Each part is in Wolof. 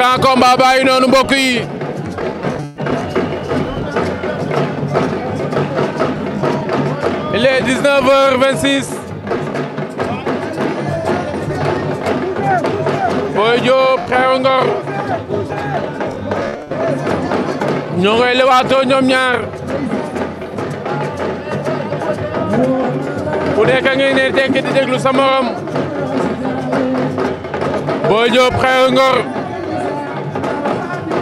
grand baa ngi noonu mbokk yi il est 19 Ngor ñoo ngay lewaatoo ñoom ñaar ku nekk a ngi ne tekk di déglu sa morom Boy Diop Ngor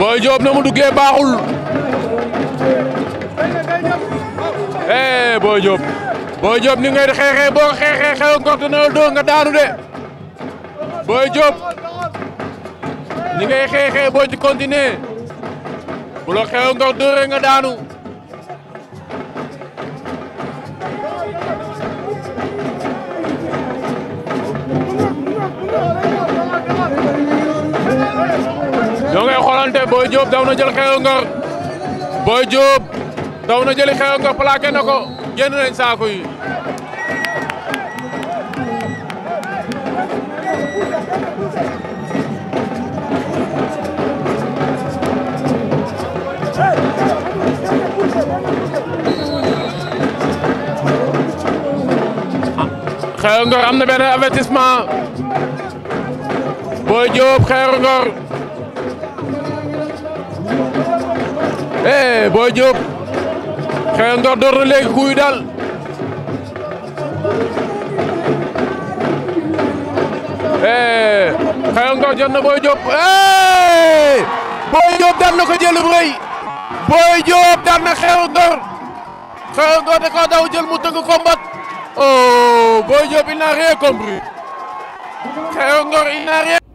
Boy Diop na mu duggee baaxul eh Boy Diop Boy Diop ni ngay xeexee boo xeexee xew ngorte na doo nga daanu de Boy Diop ni ngay xeexee boo ci continuer bu la xew nga daanu ñoo ngay xoolante Boy Diop daw na jël xeewu ngor Boy Diop daw na jëli xeewu ngor plaqué na ko génn nañ saako yi. xeeru ngor am na benn avertissement Boy Diop xeeru ngor eh Boy Diop xëy ndor door na léegi kuy daal eh xëy ndor jot na Boy Diop eh Boy Diop daan na ko jël bu rëy Boy Diop daan na da koo daw jël mu tëgg ko mbot oh Boy Diop il n'a rien compris xëy